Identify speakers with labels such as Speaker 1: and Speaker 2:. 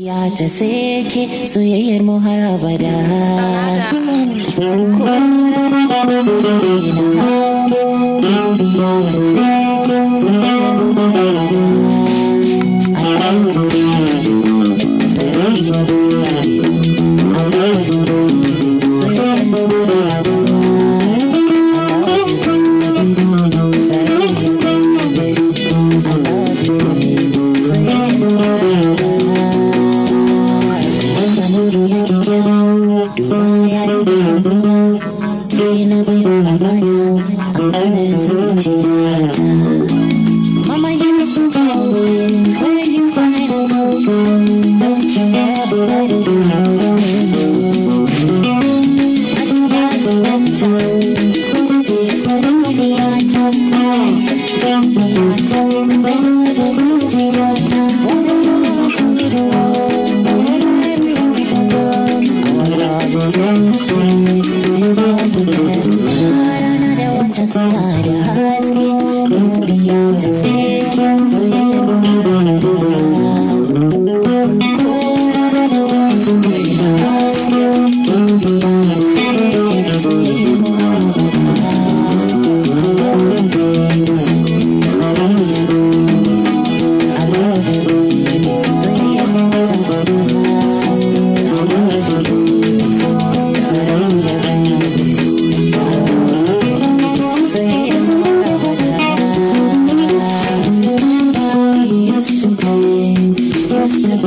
Speaker 1: Ya ta sake soyayyar mu har na haske, Dubai ya da sabuwa ke na bai amana amana mama you listen to me where you find a hope don't you ever let it go I do have the mental but it is what I'm really on top of do inside